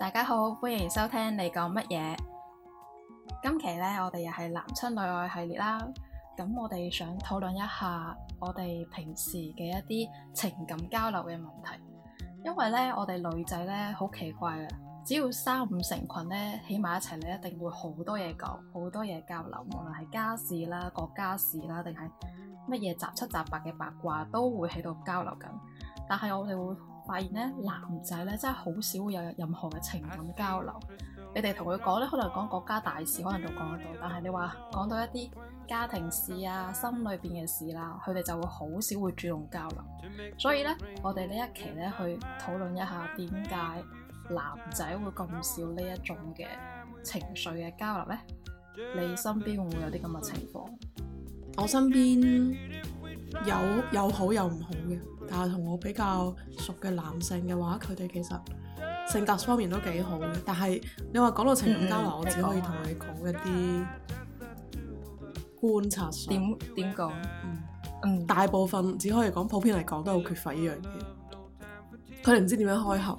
大家好，歡迎收聽你講乜嘢？今期咧，我哋又係男親女愛系列啦。咁我哋想討論一下我哋平時嘅一啲情感交流嘅問題，因為咧我哋女仔咧好奇怪嘅，只要三五成群咧起埋一齊咧，一定會好多嘢講，好多嘢交流，無論係家事啦、國家事啦，定係乜嘢雜七雜八嘅八卦，都會喺度交流緊。但係我哋會。發現咧，男仔咧真係好少會有任何嘅情感交流。你哋同佢講咧，可能講國家大事可能就講得到，但係你話講到一啲家庭事啊、心裏邊嘅事啦、啊，佢哋就會好少會主動交流。所以咧，我哋呢一期咧去討論一下點解男仔會咁少呢一種嘅情緒嘅交流咧？你身邊會唔會有啲咁嘅情況？我身邊。有有好有唔好嘅，但係同我比較熟嘅男性嘅話，佢哋其實性格方面都幾好嘅。但係你話講到情感交流，嗯、我只可以同你講一啲觀察。點點講？嗯嗯，大部分只可以講，普遍嚟講都好缺乏呢樣嘢。佢哋唔知點樣開口，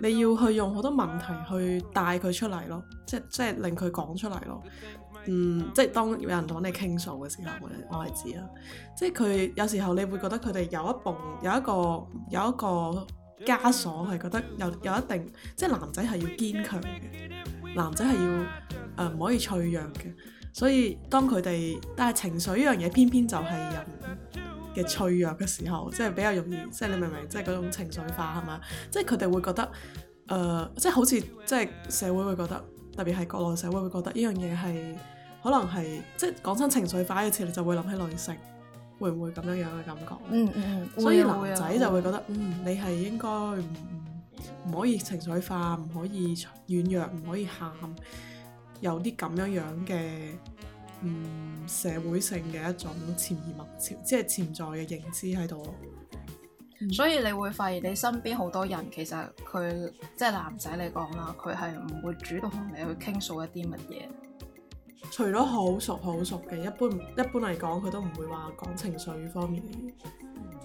你要去用好多問題去帶佢出嚟咯，即係即係令佢講出嚟咯。嗯，即係當有人同你傾訴嘅時候，我我係知啦。即係佢有時候你會覺得佢哋有一部，有一個有一個枷鎖，係覺得有有一定，即係男仔係要堅強嘅，男仔係要誒唔、呃、可以脆弱嘅。所以當佢哋，但係情緒呢樣嘢偏偏就係人嘅脆弱嘅時候，即係比較容易，即係你明唔明？即係嗰種情緒化係嘛？即係佢哋會覺得，誒、呃，即係好似即係社會會覺得，特別係國內社會會覺得呢樣嘢係。可能係即係講真情緒化嘅時，你就會諗起女性會唔會咁樣樣嘅感覺？嗯嗯嗯，嗯嗯，所以男仔就會覺得，嗯，嗯，你係應該唔唔可以情緒化，唔可以軟弱，唔可以喊，有啲咁樣樣嘅嗯社會性嘅一種潛移默化，即係潛在嘅認知喺度。嗯，所以你會發現你身邊好多人其實佢即係男仔嚟講啦，佢係唔會主動同你去傾訴一啲乜嘢。除咗好熟好熟嘅，一般一般嚟講佢都唔會話講情緒方面嘅嘢。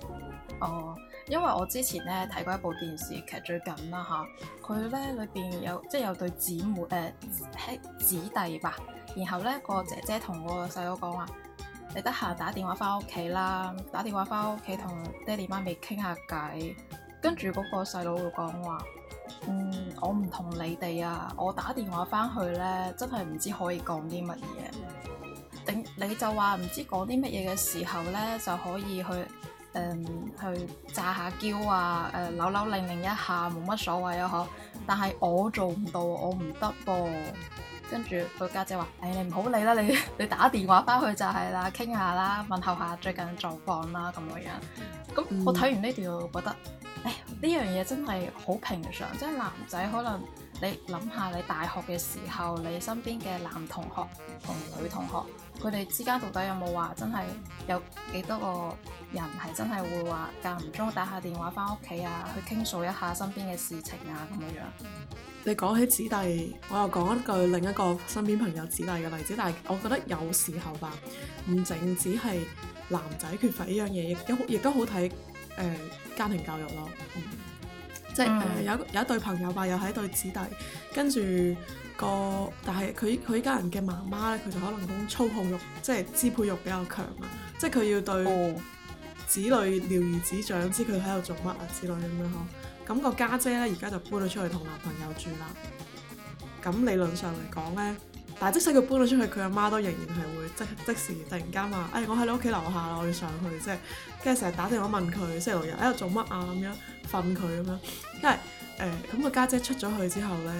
嗯、哦，因為我之前咧睇過一部電視劇最近啦吓，佢咧裏邊有即係有對姊妹誒，兄、呃、姊弟吧，然後咧個姐姐同個細佬講話，你得閒打電話翻屋企啦，打電話翻屋企同爹哋媽咪傾下偈，跟住嗰個細佬會講話。嗯，我唔同你哋啊，我打電話翻去咧，真係唔知可以講啲乜嘢。頂你就話唔知講啲乜嘢嘅時候咧，就可以去誒、嗯、去詐下嬌啊，誒、呃、扭扭擰擰一下，冇乜所謂啊嗬。但係我做唔到，我唔得噃。跟住個家姐話，誒你唔好理啦，你你，你打電話翻去就係啦，傾下啦，問候下最近狀況啦，咁樣樣。咁我睇完呢段我覺得。哎，呢樣嘢真係好平常，即係男仔可能你諗下，你大學嘅時候，你身邊嘅男同學同女同學，佢哋之間到底有冇話真係有幾多個人係真係會話間唔中打下電話返屋企啊，去傾訴一下身邊嘅事情啊咁樣。你講起子弟，我又講一句另一個身邊朋友子弟嘅例子，但係我覺得有時候吧，唔淨只係男仔缺乏呢樣嘢，亦都亦都好睇。誒、呃、家庭教育咯，即係誒有有一對朋友吧，又係一對子弟，跟住個但係佢佢家人嘅媽媽咧，佢就可能講操控欲，即係支配欲比較強啊，即係佢要對子女了如指掌，知佢喺度做乜啊子女咁樣呵。咁、嗰個家姐咧而家就搬咗出去同男朋友住啦。咁理論上嚟講咧。但即使佢搬咗出去，佢阿媽都仍然係會即即時突然間話，哎，我喺你屋企樓下啦，我要上去，即係跟住成日打電話問佢，星期六日喺度做乜啊？咁樣瞓佢咁樣，因為誒咁個家姐出咗去之後咧，誒、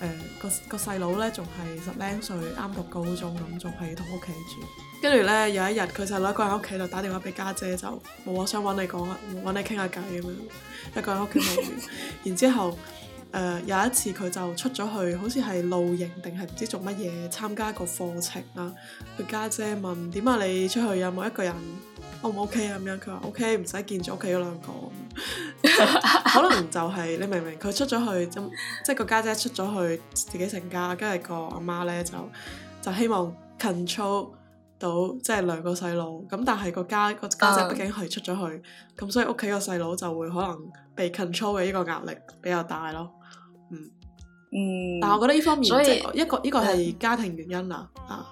呃、個個細佬咧仲係十零歲，啱讀高中咁，仲係同屋企住。跟住咧有一日，佢細佬一個人屋企就打電話俾家姐，姐，就冇話想揾你講，揾你傾下偈咁樣，一個人屋企住。然之後。 誒、uh, 有一次佢就出咗去，好似係露營定係唔知做乜嘢，參加一個課程啦。佢、啊、家姐問：點啊？你出去有冇一個人？O 唔 O K 啊？咁樣佢話 O K，唔使見住屋企嗰兩個。 可能就係、是、你明唔明？佢 出咗去，即即個家姐出咗去，自己成家，跟住個阿媽咧就就希望 control 到即係兩個細路。咁但係個家個家，家姐畢竟係出咗去，咁、uh. 所以屋企個細佬就會可能被 control 嘅呢個壓力比較大咯。嗯嗯，但係我覺得呢方面，所以即一個呢個係家庭原因啦，嗯、啊，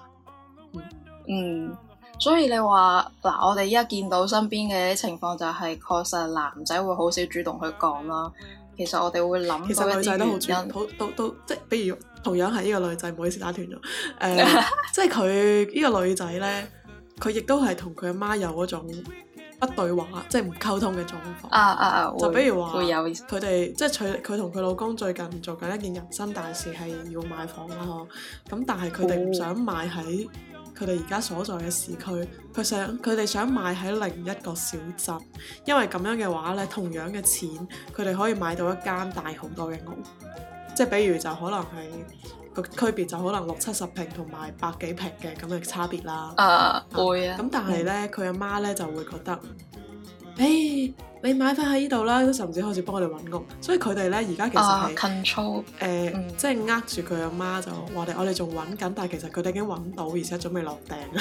嗯，嗯所以你話嗱，我哋依家見到身邊嘅情況就係，確實男仔會好少主動去講啦。其實我哋會諗其實女仔都好主動都都即係，比如同樣係呢個女仔，唔好意思打斷咗，誒、呃， 即係佢呢個女仔咧，佢亦都係同佢阿媽有嗰種。不對話，即係唔溝通嘅狀況。啊啊啊！啊就比如話，佢哋即係佢佢同佢老公最近做緊一件人生大事係要買房啦。咁但係佢哋唔想買喺佢哋而家所在嘅市區，佢想佢哋想買喺另一個小鎮，因為咁樣嘅話咧，同樣嘅錢佢哋可以買到一間大好多嘅屋。即係比如就可能係。個區別就可能六七十平同埋百幾平嘅咁嘅差別啦。誒、uh, 啊、會啊。咁但係咧，佢阿、嗯、媽咧就會覺得，誒、hey, 你買翻喺呢度啦，都甚至開始幫我哋揾屋。」所以佢哋咧而家其實係 control 誒，即係呃住佢阿媽就話：我哋我哋仲揾緊，但係其實佢哋已經揾到，而且準備落訂。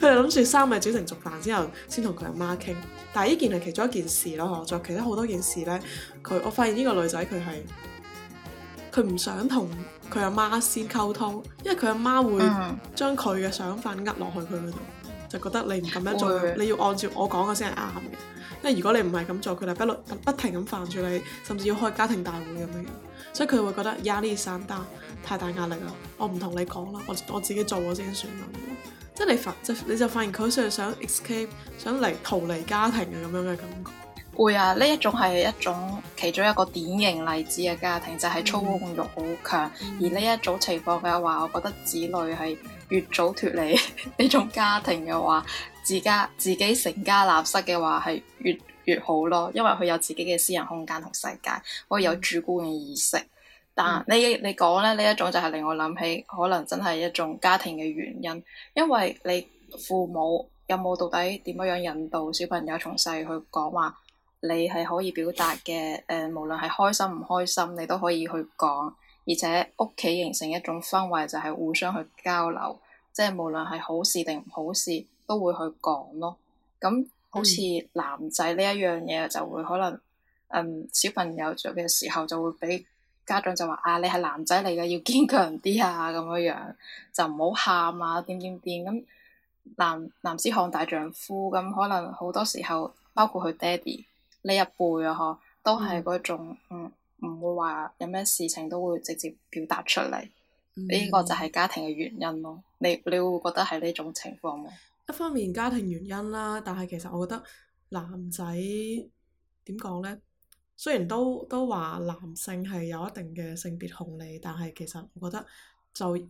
佢哋諗住三日煮成熟飯之後，先同佢阿媽傾。但係呢件係其中一件事咯，仲有其他好多件事咧，佢我發現呢個女仔佢係佢唔想同。佢阿媽先溝通，因為佢阿媽會將佢嘅想法呃落去佢嗰度，就覺得你唔咁樣做，你要按照我講嘅先係啱嘅。因為如果你唔係咁做，佢就不不停咁煩住你，甚至要開家庭大會咁樣。所以佢會覺得呀呢三單太大壓力啦，我唔同你講啦，我我自己做我先算啦。即係你發就你就發現佢好似係想 escape，想嚟逃離家庭嘅咁樣嘅感覺。會啊！呢一種係一種其中一個典型例子嘅家庭，就係操控欲好強。嗯、而呢一種情況嘅話，我覺得子女係越早脫離呢 種家庭嘅話，自家自己成家立室嘅話係越越好咯，因為佢有自己嘅私人空間同世界，可以有主觀嘅意識。嗯、但你你講咧，呢一種就係令我諗起，可能真係一種家庭嘅原因，因為你父母有冇到底點樣樣引導小朋友從細去講話？你係可以表達嘅，誒、呃，無論係開心唔開心，你都可以去講，而且屋企形成一種氛圍就係、是、互相去交流，即係無論係好事定唔好事，都會去講咯。咁好似男仔呢一樣嘢，就會可能，嗯，小朋友做嘅時候就會俾家長就話啊，你係男仔嚟嘅，要堅強啲啊，咁樣樣就唔好喊啊，點點點，咁男男子漢大丈夫，咁可能好多時候包括佢爹哋。呢一輩啊，嗬，都係嗰種，唔、嗯嗯、會話有咩事情都會直接表達出嚟。呢、嗯、個就係家庭嘅原因咯。你你會覺得係呢種情況咩？一方面家庭原因啦，但係其實我覺得男仔點講咧，雖然都都話男性係有一定嘅性別紅利，但係其實我覺得就呢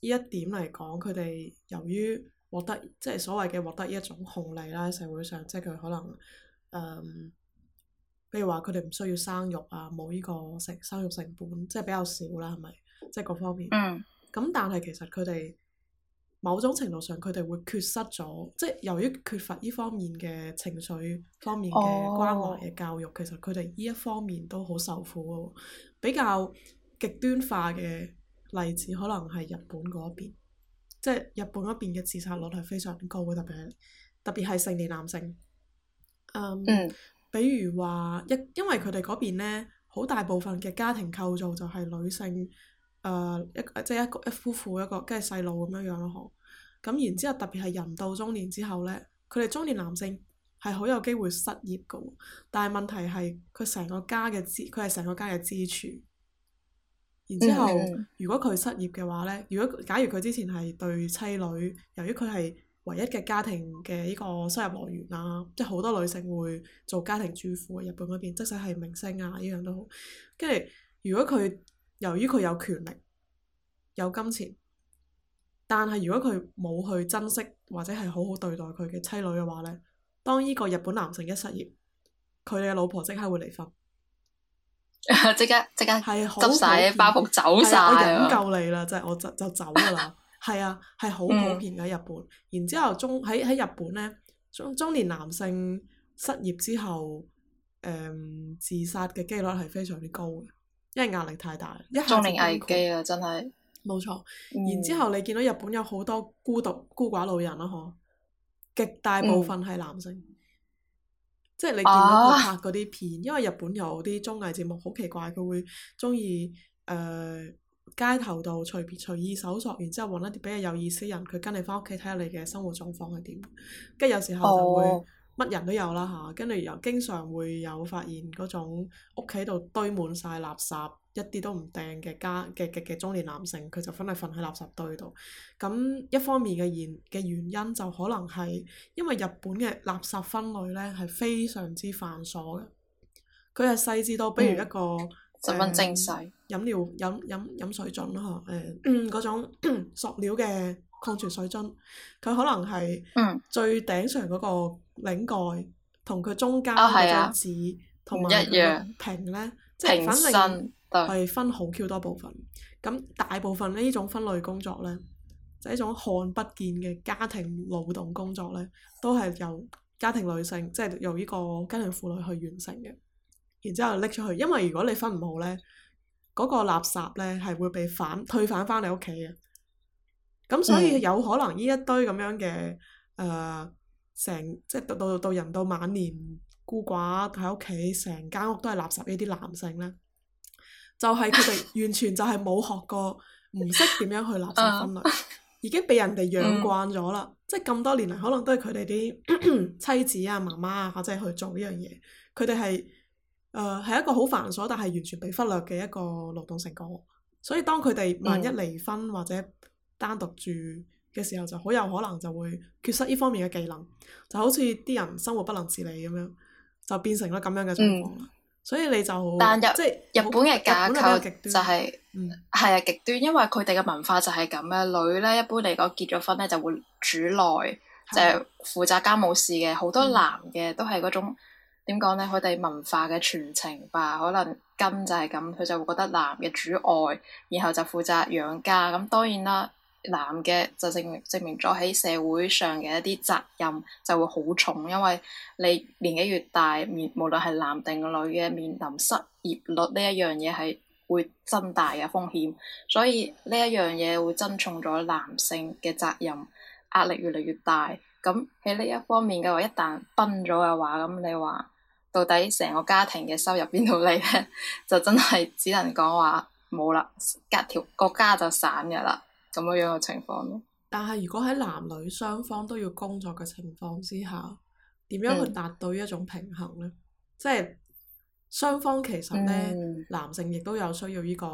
一點嚟講，佢哋由於獲得即係、就是、所謂嘅獲得呢一種紅利啦，社會上即係佢可能誒。嗯比如話佢哋唔需要生育啊，冇呢個成生育成本，即係比較少啦，係咪？即係各方面。咁、嗯、但係其實佢哋某種程度上佢哋會缺失咗，即係由於缺乏依方面嘅情緒方面嘅關懷嘅教育，哦、其實佢哋呢一方面都好受苦嘅喎。比較極端化嘅例子可能係日本嗰邊，即係日本嗰邊嘅自殺率係非常高嘅，特別係特別係成年男性。Um, 嗯。比如話，一因為佢哋嗰邊呢，好大部分嘅家庭構造就係女性，誒、呃、一即係、就是、一個一夫婦一個跟住細路咁樣樣咯，好。咁然之後特別係人到中年之後呢，佢哋中年男性係好有機會失業㗎喎。但係問題係佢成個家嘅支，佢係成個家嘅支柱。然之後，如果佢失業嘅話呢，如果假如佢之前係對妻女，由於佢係，唯一嘅家庭嘅呢個收入來源啦，即係好多女性會做家庭主婦。日本嗰邊，即使係明星啊，依樣都好。跟住，如果佢由於佢有權力、有金錢，但係如果佢冇去珍惜或者係好好對待佢嘅妻女嘅話呢，當呢個日本男性一失業，佢嘅老婆即刻會離婚。即刻即刻，係好快包袱走晒、哎呀啊，我忍夠你啦，真係我就就走㗎啦。 係啊，係好普遍嘅喺日本。嗯、然之後中喺喺日本咧，中中年男性失業之後，誒、嗯、自殺嘅機率係非常之高嘅，因為壓力太大。一中年危機啊，真係冇錯。錯嗯、然之後你見到日本有好多孤獨孤寡老人啦，嗬，極大部分係男性，嗯、即係你見到佢拍嗰啲片，啊、因為日本有啲綜藝節目好奇怪，佢會中意誒。呃街頭度隨便隨意搜索，然之後揾一啲比較有意思嘅人，佢跟你翻屋企睇下你嘅生活狀況係點。跟住有時候就會乜、oh. 人都有啦嚇，跟住又經常會有發現嗰種屋企度堆滿晒垃圾，一啲都唔掟嘅家嘅嘅嘅中年男性，佢就翻嚟瞓喺垃圾堆度。咁一方面嘅原嘅原因就可能係因為日本嘅垃圾分類呢係非常之繁瑣嘅，佢係細緻到比如一個。Mm. 十分精細，飲料飲飲飲水樽咯嗬，嗰、呃嗯、種塑 料嘅礦泉水樽，佢可能係最頂上嗰個領蓋，同佢中間嗰張紙，同埋、哦啊、一樣瓶呢即係反正係分好 Q 多部分。咁對大部分呢種分類工作呢就一、是、種看不見嘅家庭勞動工作呢都係由家庭女性，即係由呢個家庭婦女去完成嘅。然之後拎出去，因為如果你分唔好呢，嗰個垃圾呢係會被反退返翻你屋企嘅。咁所以有可能呢一堆咁樣嘅誒，成、呃、即係到到到人到晚年孤寡喺屋企，成間屋都係垃圾呢啲男性呢，就係佢哋完全就係冇學過，唔識點樣去垃圾分類，已經畀人哋養慣咗啦。 即係咁多年嚟，可能都係佢哋啲妻子啊、媽媽啊，或者去做呢樣嘢，佢哋係。誒係、uh, 一個好繁瑣，但係完全被忽略嘅一個勞動成果。所以當佢哋萬一離婚、嗯、或者單獨住嘅時候，就好有可能就會缺失呢方面嘅技能，就好似啲人生活不能自理咁樣，就變成咗咁樣嘅情況、嗯、所以你就但日入是日本嘅架構端就係、係，係、嗯、啊，極端，因為佢哋嘅文化就係咁嘅。女咧一般嚟講結咗婚咧就會主內，就係、係、負責家務事嘅。好多男嘅都係嗰種。嗯嗯。點講咧？佢哋文化嘅傳承吧，可能根就係咁，佢就會覺得男嘅主外，然後就負責養家。咁當然啦，男嘅就證明證明咗喺社會上嘅一啲責任就會好重，因為你年紀越大，面無論係男定女嘅，面臨失業率呢一樣嘢係會增大嘅風險。所以呢一樣嘢會增重咗男性嘅責任，壓力越嚟越大。咁喺呢一方面嘅話，一旦崩咗嘅話，咁你話？到底成個家庭嘅收入邊度嚟咧？ 就真係只能講話冇啦，隔條國家就散嘅啦，咁樣樣嘅情況咯。但係如果喺男女雙方都要工作嘅情況之下，點樣去達到呢一種平衡呢？嗯、即係雙方其實咧，嗯、男性亦都有需要呢個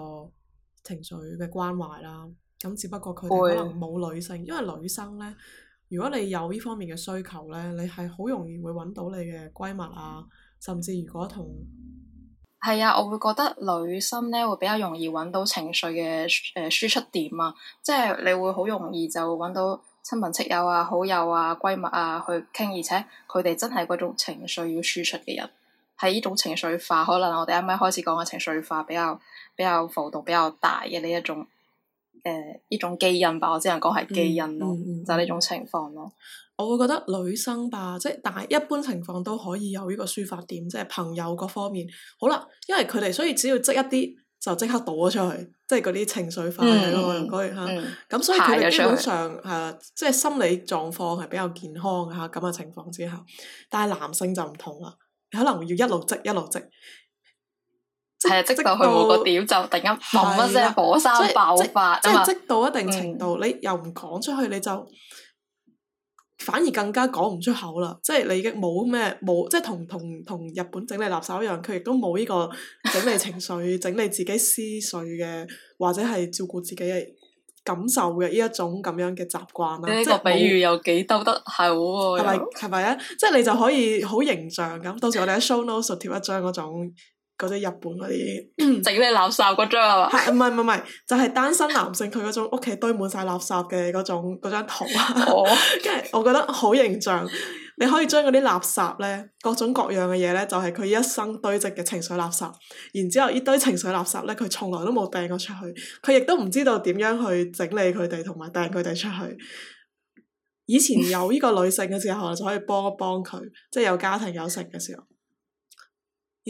情緒嘅關懷啦。咁只不過佢哋可能冇女性，會因為女生咧，如果你有呢方面嘅需求咧，你係好容易會揾到你嘅閨蜜啊。啊甚至如果同係啊，我會覺得女生咧會比較容易揾到情緒嘅誒輸出點啊，即係你會好容易就揾到親朋戚友啊、好友啊、閨蜜啊去傾，而且佢哋真係嗰種情緒要輸出嘅人，係呢種情緒化，可能我哋啱啱開始講嘅情緒化比較比較浮動比較大嘅呢一種誒呢、呃、種基因吧，我只能講係基因咯、啊，嗯嗯嗯、就呢種情況咯、啊。我會覺得女生吧，即係但係一般情況都可以有呢個抒發點，即係朋友各方面好啦，因為佢哋所以只要積一啲就即刻倒咗出去，即係嗰啲情緒化喺吓，咁所以佢哋、嗯、基本上誒，即係、嗯啊就是、心理狀況係比較健康吓咁嘅情況之下，但係男性就唔同啦，可能要一路積一路積，係啊積到去某個點就突然間冇乜，即係、啊、是火山爆發，即係積到一定程度，你又唔講出去你就。嗯反而更加講唔出口啦，即係你已經冇咩冇，即係同同同日本整理垃圾一樣，佢亦都冇呢個整理情緒、 整理自己思緒嘅，或者係照顧自己嘅感受嘅呢一種咁樣嘅習慣啦。即係冇。即係比喻有幾兜得口喎？係咪係咪咧？即係 你就可以好形象咁， 到時我哋喺 show notes 貼一張嗰種。嗰啲日本嗰啲整咩垃圾嗰張啊？係唔係唔係就係單身男性佢嗰種屋企堆滿晒垃圾嘅嗰種嗰張圖，即 我覺得好形象。你可以將嗰啲垃圾咧，各種各樣嘅嘢咧，就係佢一生堆積嘅情緒垃圾。然之後呢堆情緒垃圾咧，佢從來都冇掟過出去，佢亦都唔知道點樣去整理佢哋同埋掟佢哋出去。以前有呢個女性嘅時候就可以幫一幫佢，即係有家庭有成嘅時候。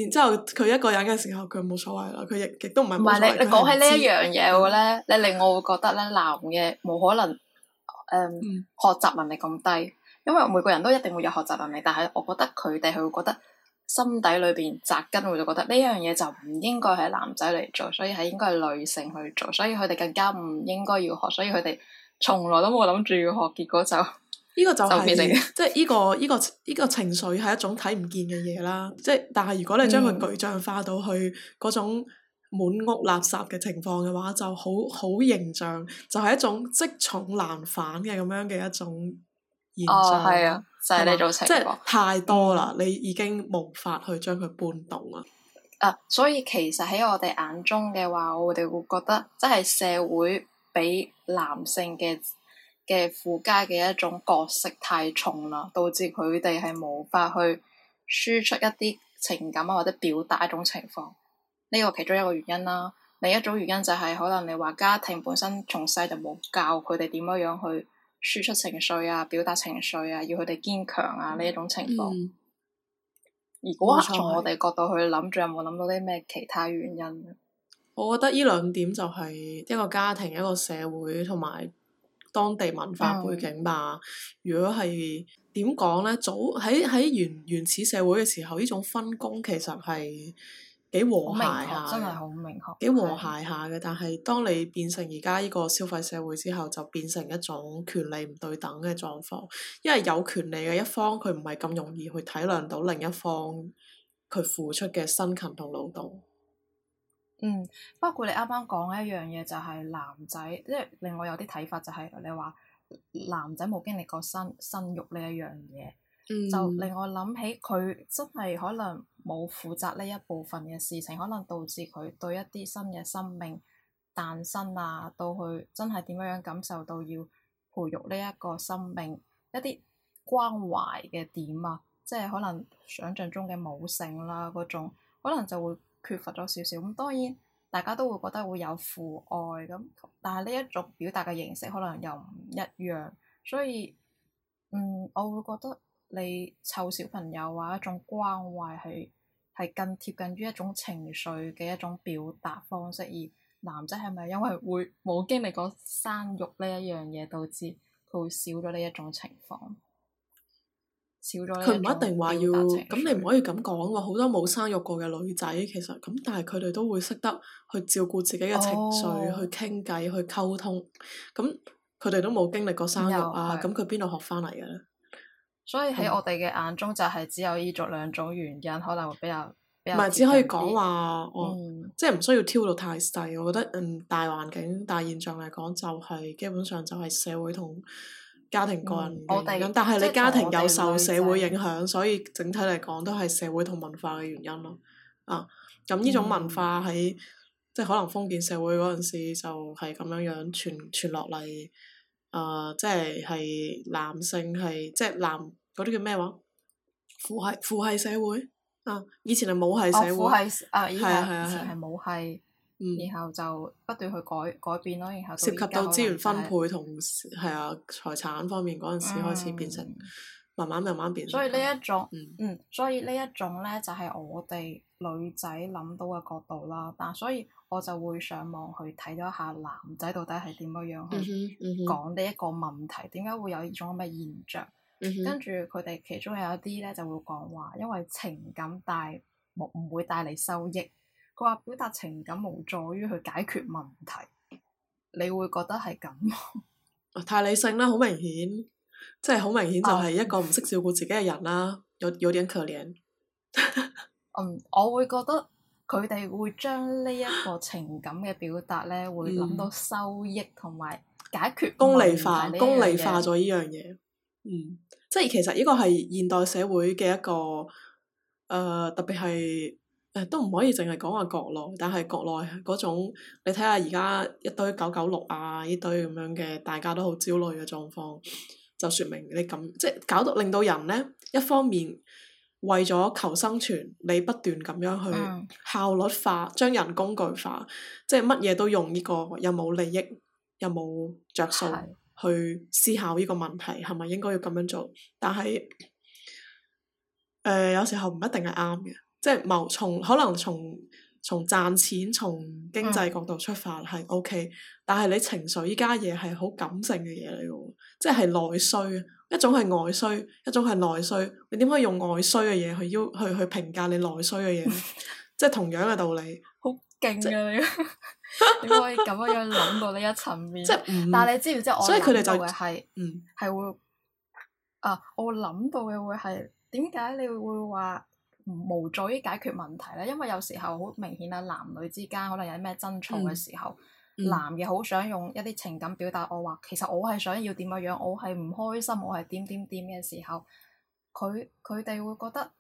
然之後佢一個人嘅時候，佢冇所謂啦，佢亦亦都唔係冇所謂。唔係是你你講起、嗯、呢一樣嘢嘅咧，你令我會覺得咧，男嘅冇可能誒、嗯、學習能力咁低，因為每個人都一定會有學習能力，但係我覺得佢哋佢會覺得心底裏邊紮根會覺得呢樣嘢就唔應該係男仔嚟做，所以係應該係女性去做，所以佢哋更加唔應該要學，所以佢哋從來都冇諗住要學，結果就。 呢個就係即係呢個呢、這個呢、這個情緒係一種睇唔見嘅嘢啦，即係但係如果你將佢具象化到去嗰種滿屋垃圾嘅情況嘅話，就好好形象，就係、是、一種積重難返嘅咁樣嘅一種現象。哦，係啊，就係呢種情況。即係、就是、太多啦，嗯、你已經無法去將佢搬動啦、啊。所以其實喺我哋眼中嘅話，我哋會覺得即係社會俾男性嘅。嘅附加嘅一種角色太重啦，導致佢哋係無法去輸出一啲情感啊，或者表達一種情況。呢個其中一個原因啦，另一種原因就係、是、可能你話家庭本身從細就冇教佢哋點樣樣去輸出情緒啊、表達情緒啊，要佢哋堅強啊呢一、嗯、種情況。如果從我哋角度去諗，仲、嗯、有冇諗到啲咩其他原因？我覺得呢兩點就係一個家庭、一個社會同埋。當地文化背景吧。嗯、如果係點講呢？早喺喺原原始社會嘅時候，呢種分工其實係幾和諧下，真係好明確。幾和諧下嘅，但係當你變成而家呢個消費社會之後，就變成一種權利唔對等嘅狀況。因為有權利嘅一方，佢唔係咁容易去體諒到另一方佢付出嘅辛勤同勞動。嗯，包括你啱啱講嘅一樣嘢，就係、是、男仔，即係令我有啲睇法，就係你話男仔冇經歷過生生育呢一樣嘢，嗯、就令我諗起佢真係可能冇負責呢一部分嘅事情，可能導致佢對一啲新嘅生命誕生啊，到去真係點樣樣感受到要培育呢一個生命，一啲關懷嘅點啊，即係可能想象中嘅母性啦、啊、嗰種，可能就會。缺乏咗少少咁，當然大家都會覺得會有父愛，咁，但係呢一種表達嘅形式可能又唔一樣，所以嗯，我會覺得你湊小朋友話一種關懷係，係更貼近於一種情緒嘅一種表達方式，而男仔係咪因為會冇經歷過生育呢一樣嘢，導致佢會少咗呢一種情況。少咗佢唔一定話要咁，你唔可以咁講喎。好多冇生育過嘅女仔，其實咁，但係佢哋都會識得去照顧自己嘅情緒，去傾偈，去溝通。咁佢哋都冇經歷過生育，嗯嗯，啊，咁佢邊度學翻嚟嘅咧？所以喺我哋嘅眼中就係只有依種兩種原因，可能會比較比較唔係只可以講話，即係唔需要挑到太細。我覺得嗯，大環境大現象嚟講，就係，就係基本上就係社會同。家庭個人原因，嗯、但係你家庭有受社會影響，是所以整體嚟講都係社會同文化嘅原因咯。啊，咁呢種文化喺、嗯、即係可能封建社會嗰陣時就係咁樣樣傳傳落嚟。啊、呃，即係係男性係即係男嗰啲叫咩話？父系父系社會。啊，以前係母系社會。父、哦、係啊，以前、啊、以前係母系。然後就不斷去改改變咯，然後、就是、涉及到資源分配同係啊財產方面嗰陣時開始變成，慢慢慢慢變。嗯嗯、所以呢一種，嗯，所以呢一種咧就係、是、我哋女仔諗到嘅角度啦。但所以我就會上網去睇咗下男仔到底係點樣樣去講呢一個問題，點解、嗯嗯、會有呢種咁嘅現象？嗯、哼跟住佢哋其中有一啲咧就會講話，因為情感帶冇唔會帶嚟收益。佢話表達情感無助於去解決問題，你會覺得係咁？啊，太理性啦！好明顯，即係好明顯就係一個唔識照顧自己嘅人啦。 有，有啲可憐， 嗯，我會覺得佢哋會將呢一個情感嘅表達咧，會諗到收益同埋解決、嗯、功利化，功利化咗呢樣嘢。嗯，即係其實呢個係現代社會嘅一個，誒、呃，特別係。誒，都唔可以淨係講話國內，但係國內嗰種，你睇下而家一堆九九六啊，呢堆咁樣嘅，大家都好焦慮嘅狀況，就說明你咁，即係搞到令到人咧，一方面為咗求生存，你不斷咁樣去效率化，將人工具化，即係乜嘢都用呢個，又冇利益，又冇着數去思考呢個問題，係咪應該要咁樣做？但係誒、呃，有時候唔一定係啱嘅。即係謀從可能從從賺錢從經濟角度出發係 OK，但係你情緒依家嘢係好感性嘅嘢嚟嘅，即係內需，一種係外需，一種係內需。你點可以用外需嘅嘢去邀去去評價你內需嘅嘢？ 即係同樣嘅道理。好勁啊！你點可以咁樣諗到呢一層面？即係不但係你知唔知我諗嘅會係，嗯，係會啊，我諗到嘅會係點解你會話？無助於解決問題咧，因為有時候好明顯啦，男女之間可能有啲咩爭吵嘅時候，嗯嗯、男嘅好想用一啲情感表達我，我話其實我係想要點樣，我係唔開心，我係點點點嘅時候，佢佢哋會覺得，誒、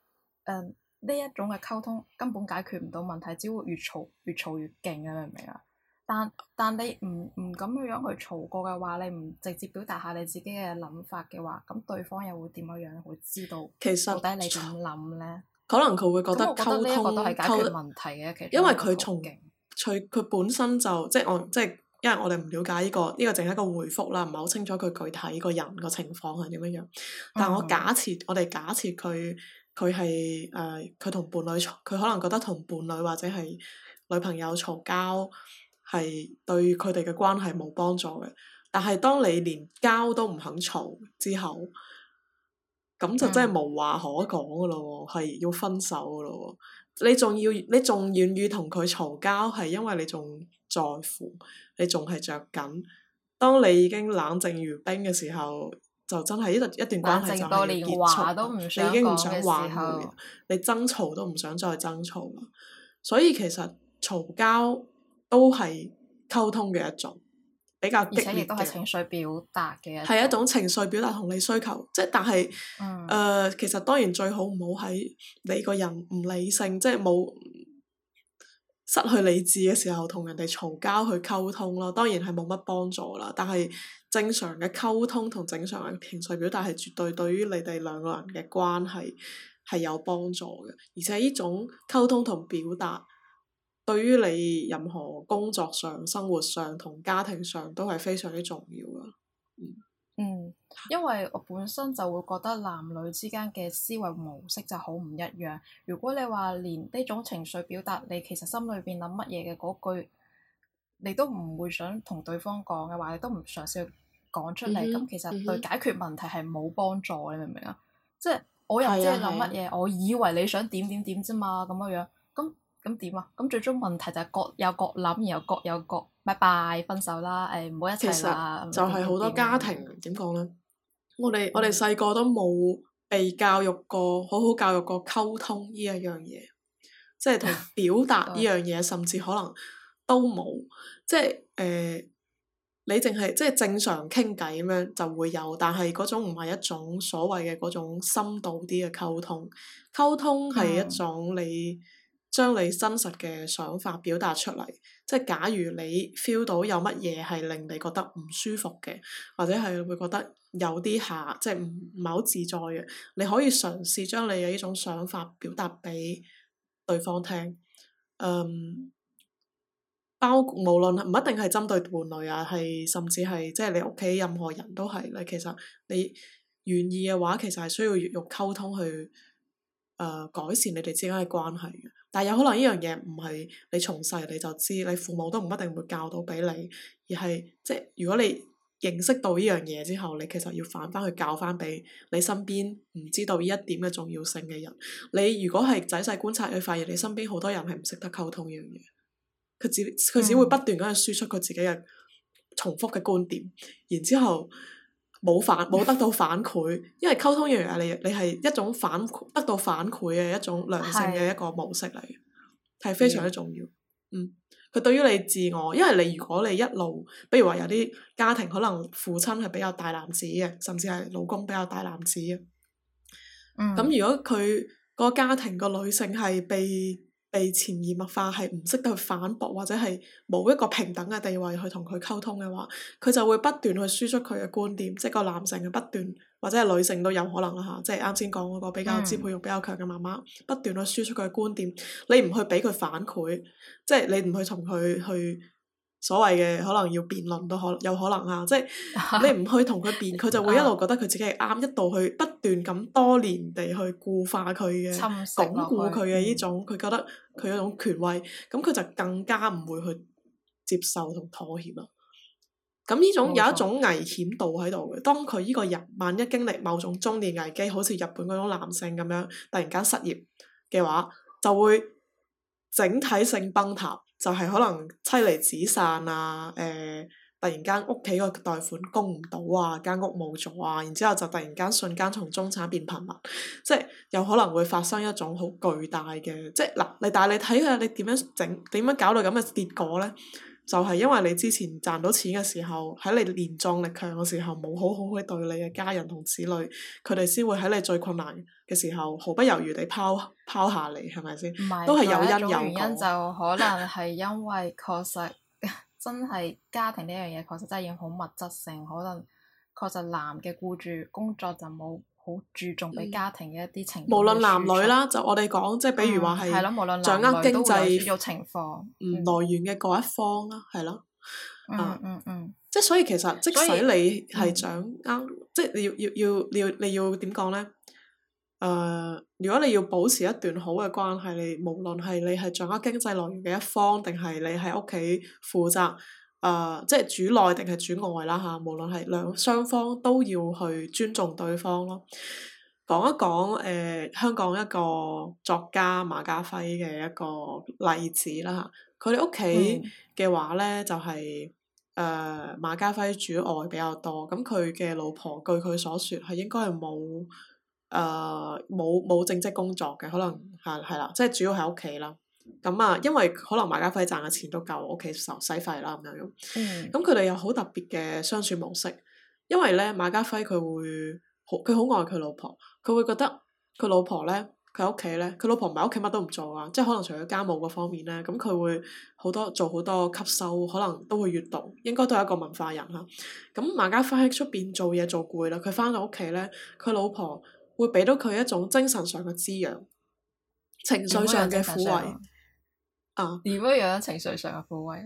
呃、呢一種嘅溝通根本解決唔到問題，只會越嘈越嘈越勁嘅，你明唔明啊？但但你唔唔咁樣去嘈過嘅話，你唔直接表達下你自己嘅諗法嘅話，咁對方又會點樣會知道，其實到底你點諗咧？可能佢會覺得溝通，得溝通問題，因為佢從佢佢本身就即係我即係，因為我哋唔了解呢、呢個呢、呢個淨係一個回覆啦，唔係好清楚佢具體個人個情況係點樣。但我假設、嗯、哼我哋假設佢佢係誒佢同伴侶嘈，佢可能覺得同伴侶或者係女朋友嘈交係對佢哋嘅關係冇幫助嘅。但係當你連交都唔肯嘈之後。咁、嗯、就真係無話可講噶咯，係要分手噶咯。你仲要你仲願意同佢嘈交，係因為你仲在乎，你仲係着緊。當你已經冷靜如冰嘅時候，就真係一一段關係就係結束。都想你已經唔想挽回，你爭吵都唔想再爭吵。所以其實嘈交都係溝通嘅一種。比較激烈嘅，係一，一種情緒表達同你需求，即係但係，誒、嗯呃，其實當然最好唔好喺你個人唔理性，即係冇失去理智嘅時候同人哋嘈交去溝通咯。當然係冇乜幫助啦。但係正常嘅溝通同正常嘅情緒表達係絕對對於你哋兩個人嘅關係係有幫助嘅。而且呢種溝通同表達，對於你任何工作上、生活上同家庭上都係非常之重要㗎。嗯、嗯，因為我本身就會覺得男女之間嘅思維模式就好唔一樣。如果你話連呢種情緒表達，你其實心裏邊諗乜嘢嘅嗰句，你都唔會想同對方講嘅話，你都唔嘗試講出嚟。咁、嗯、其實對解決問題係冇幫助，嗯、你明唔明啊？即係我又唔知係諗乜嘢，我以為你想點點點啫嘛，咁樣樣咁。咁點啊？咁最終問題就係各有各諗，然後各有各，拜拜分手啦！誒、哎，唔好一齊啦。其實就係好多家庭點講咧？我哋、嗯、我哋細個都冇被教育過，好好教育過溝通呢一樣嘢，即係同表達呢樣嘢，嗯、甚至可能都冇。即係誒，你淨係即係正常傾偈咁樣就會有，但係嗰種唔係一種所謂嘅嗰種深度啲嘅溝通。溝通係一種你，嗯將你真實嘅想法表達出嚟，即係假如你 feel 到有乜嘢係令你覺得唔舒服嘅，或者係會覺得有啲下，即係唔唔係好自在嘅，你可以嘗試將你嘅呢種想法表達俾對方聽。嗯，包無論唔一定係針對伴侶啊，係甚至係即係你屋企任何人都係啦。其實你願意嘅話，其實係需要用溝通去誒、呃、改善你哋之間嘅關係嘅。但有可能呢樣嘢唔係你從細你就知，你父母都唔一定會教到俾你，而係即係如果你認識到呢樣嘢之後，你其實要反翻去教翻俾你身邊唔知道呢一點嘅重要性嘅人。你如果係仔細觀察，佢發現你身邊好多人係唔識得溝通呢樣嘢，佢只佢只會不斷咁樣輸出佢自己嘅重複嘅觀點，然之後。冇反，冇得到反饋，因為溝通一樣嘢，你你係一種反得到反饋嘅一種良性嘅一個模式嚟，係是非常之重要。嗯，佢、嗯、對於你自我，因為你如果你一路，比如話有啲家庭可能父親係比較大男子嘅，甚至係老公比較大男子嘅，咁、嗯嗯、如果佢個家庭個女性係被。被潛移默化係唔識得去反駁，或者係冇一個平等嘅地位去同佢溝通嘅話，佢就會不斷去輸出佢嘅觀點，即係個男性嘅不斷，或者係女性都有可能啦嚇，即係啱先講嗰個比較支配欲比較強嘅媽媽不斷去輸出佢嘅觀點，你唔去俾佢反饋，即係你唔去同佢去。所謂嘅可能要辯論都可有可能吓，即係你唔去同佢辯，佢就會一路覺得佢自己係啱，一度去不斷咁多年地去固化佢嘅鞏固佢嘅呢種，佢、嗯、覺得佢嗰種權威，咁佢就更加唔會去接受同妥協啦。咁呢種有一種危險度喺度嘅，錯當佢呢個人，萬一經歷某種中年危機，好似日本嗰種男性咁樣，突然間失業嘅話，就會整體性崩塌。就係可能妻離子散啊，誒、呃，突然間屋企個貸款供唔到啊，間屋冇咗啊，然之後就突然間瞬間從中產變貧民，即係有可能會發生一種好巨大嘅，即係嗱，但你但係你睇下你點樣整，點樣搞到咁嘅結果呢？就係因為你之前賺到錢嘅時候，喺你年壯力強嘅時候冇好好去對你嘅家人同子女，佢哋先會喺你最困難嘅時候毫不猶豫地拋拋下你，係咪先？是都係有，是有因有果。原因就可能係因為確實， 實真係家庭呢樣嘢確實真係要好物質性，可能確實男嘅顧住工作就冇。好注重畀家庭嘅一啲情況，無論男女啦，就我哋講，即係、嗯、比如話係，掌握經濟情況，嗯，來源嘅嗰一方啦，係咯，嗯嗯嗯，即係所以其實即使你係掌握，以即係你要要要、嗯、你要你要點講咧？誒、呃，如果你要保持一段好嘅關係，你無論係你係掌握經濟來源嘅一方，定係你喺屋企負責。啊、呃，即係主內定係主外啦吓，無論係兩雙方都要去尊重對方咯。講一講誒、呃，香港一個作家馬家輝嘅一個例子啦吓，佢哋屋企嘅話咧、嗯、就係、係、誒、呃、馬家輝主外比較多，咁佢嘅老婆據佢所說係應該係冇誒冇冇正職工作嘅，可能係係啦，即係主要喺屋企啦。咁啊，因為可能馬家輝賺嘅錢都夠屋企受使費啦，咁樣咁。佢哋、嗯、有好特別嘅相處模式，因為咧馬家輝佢會好，佢好愛佢老婆，佢會覺得佢老婆咧佢屋企咧，佢老婆唔係屋企乜都唔做啊，即係可能除咗家務嗰方面咧，咁佢會好多做好多吸收，可能都會閱讀，應該都係一個文化人啦、啊。咁馬家輝喺出邊做嘢做攰啦，佢翻到屋企咧，佢老婆會俾到佢一種精神上嘅滋養，情緒上嘅撫慰。啊，如果喺情緒上嘅鋪位，